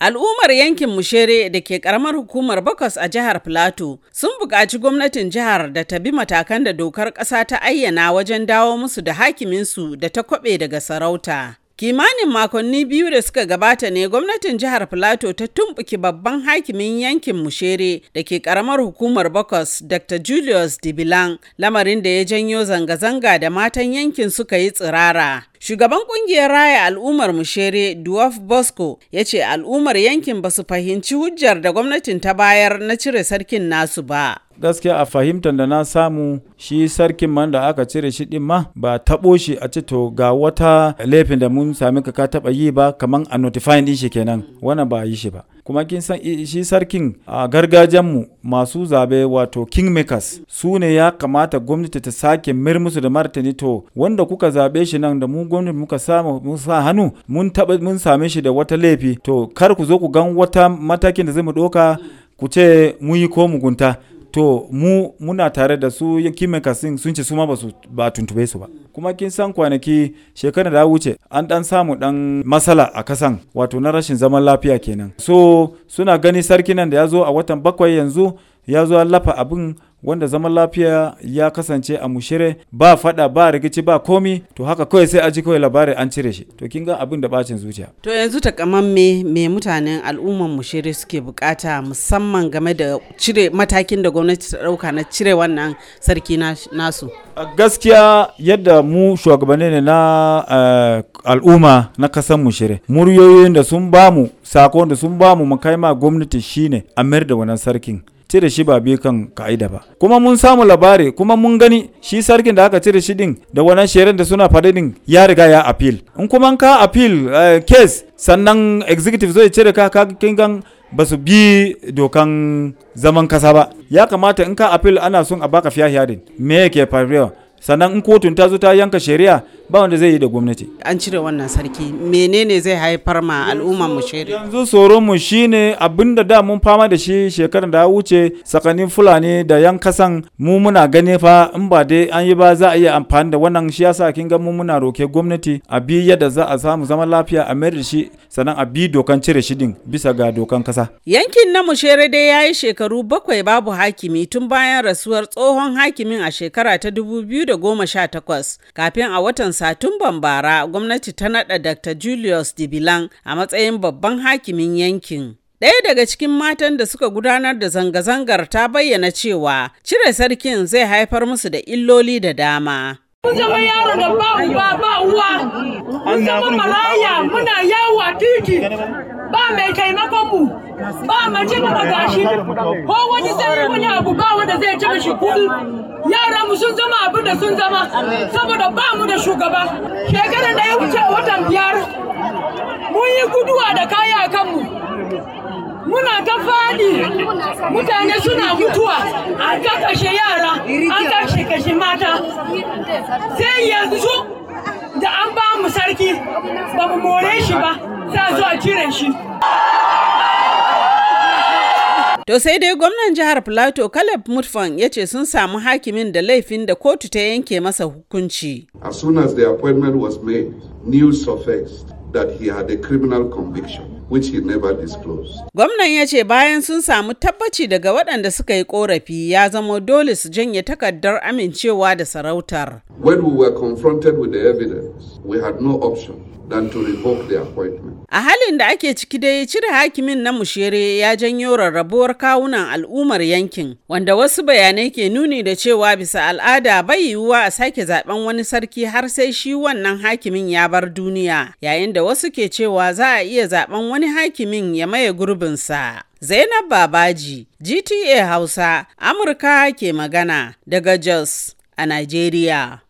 Al'ummar yankin Mushere da ke karamar hukumar Bakwas a jihar Filato sun buƙaci gwamnatin jihar da ta bi matakan da dokar ƙasa ta ayyana wajen dawo musu da hakiminsu da ta kwaɓe daga sarauta. Kimanin makonni biyu da suka gabata ne gwamnatin jihar Filato ta tumɓuki babban hakimin yankin Mushere da ke karamar hukumar Bakwas Dr. Julius Dibilan lamarin da ya janyo zanga-zanga da matan yankin suka yi tsirara. Shugaban kungiyar raya al'ummar Mushere Duwaf Bosco ya ce al'ummar yankin ba su fahimci hujjar da gwamnatin ta bayar na cire sarkin nasu ba. gaskiya a fahimtar da na samu shi sarkin man da aka cire shi din ma ba taɓo shi a ce to ga wata laifin da mun sami ka ka taɓa yi ba kaman a notifying din shi kenan wannan ba yi shi ba kuma kin san shi sarkin a gargajenmu masu zabe wato kingmakers su ne ya kamata gwamnati ta sake mir musu da martani to wanda kuka zabe shi nan da mu gwamnati muka samu mun sa hannu mun taba mun same shi da wata laifi to kar ku zo ku gan wata matakin da zai mu doka ku ce mun yi ko mugunta to mu muna tare da su kimin kasin sun ce su ma ba tuntube su ba kuma kin san kwanaki shekarar da wuce an dan samu dan matsala a kasan wato na rashin zaman lafiya kenan so suna gani sarkin nan da ya zo a watan bakwai yanzu ya zo lafa abin wanda zaman lafiya ya kasance a mushire ba fada ba rikici ba komi to haka kawai sai a ji kawai labari an cire shi to kin ga abin da bacin zuciya to yanzu kaman me mutanen al'umman mushire suke bukata musamman game da cire matakin da gwamnati ta dauka na cire wannan sarki nasu gaskiya yadda mu shugabanni ne na eh, al'umma na kasan mushire muryoyin da sun bamu sakon da sun bamu mu kai ma gwamnati shine a mayar da wannan sarkin cire shi ba bi kan ka'ida ba kuma mun samu labari kuma mun gani shi sarkin da aka cire shi din da wannan shirin da suna faɗi din ya riga ya appeal in kuma ka appeal eh, case sannan executive zai cire ka ka kingan ba su bi dokan zaman kasa ba ya kamata in ka appeal ana son a baka fiya hearing me yake faruwa sannan in kotun ta zo ta yanka shari'a ba wanda zai yi da gwamnati an cire wannan sarki menene zai haifar ma al'umma mu shiri yanzu tsoron mu shine abinda da mun fama da shi shekarun da ya wuce tsakanin fulani da yan kasan mu muna gane fa in ba dai an yi ba za a iya amfani da wannan shi yasa kin ga mu muna roke gwamnati a bi yadda za a samu zaman lafiya a mayar da shi sannan a bi dokan cire shidin bisa ga dokan kasa yankin na mushere dai ya yi shekaru bakwai babu hakimi tun bayan rasuwar tsohon hakimin a shekara ta 2018 kafin a watan Satumban bara, gwamnati ta naɗa Dr. Julius Dibilan a matsayin babban hakimin yankin. Ɗaya daga cikin matan da suka gudanar da zanga-zangar ta bayyana cewa cire sarkin zai haifar musu da illoli da dama. Mun zama yaro da ba ba uwa, mun zama maraya muna yawa titi. ba mai taimakon mu ba mace gaba gashi ko wani zai wani abu ba wanda zai ci mishi kudi yara mu sun zama abin da sun zama saboda ba mu da shugaba shekarar da ya wuce watan biyar mun yi guduwa da kaya kan kanmu muna ta fadi mutane suna mutuwa an kakashe yara an kakashe mata sai yanzu ba mu more shi ba sa zuwa zo cire shi To sai dai gwamnan jihar Plateau Caleb Mutfan ya ce sun samu hakimin da laifin da kotu ta yanke masa hukunci. As soon as the appointment was made, news surfaced that he had a criminal conviction. which he never disclosed. Gwamnan ya ce bayan sun samu tabbaci daga waɗanda suka yi ƙorafi, ya zama dole su janye takardar amincewa da sarautar. When we were confronted with the evidence, we had no option A halin da ake ciki dai cire hakimin na mushere ya janyo rarrabuwar kawunan al'ummar yankin wanda wasu bayanai ke nuni da cewa bisa al'ada bai yiwuwa a sake zaben wani sarki har sai shi wannan hakimin ya bar duniya yayin da wasu ke cewa za a iya zaben wani hakimin ya maye gurbinsa. Zainab Babaji, GTA Hausa, Amurka ke magana daga Jos a Najeriya.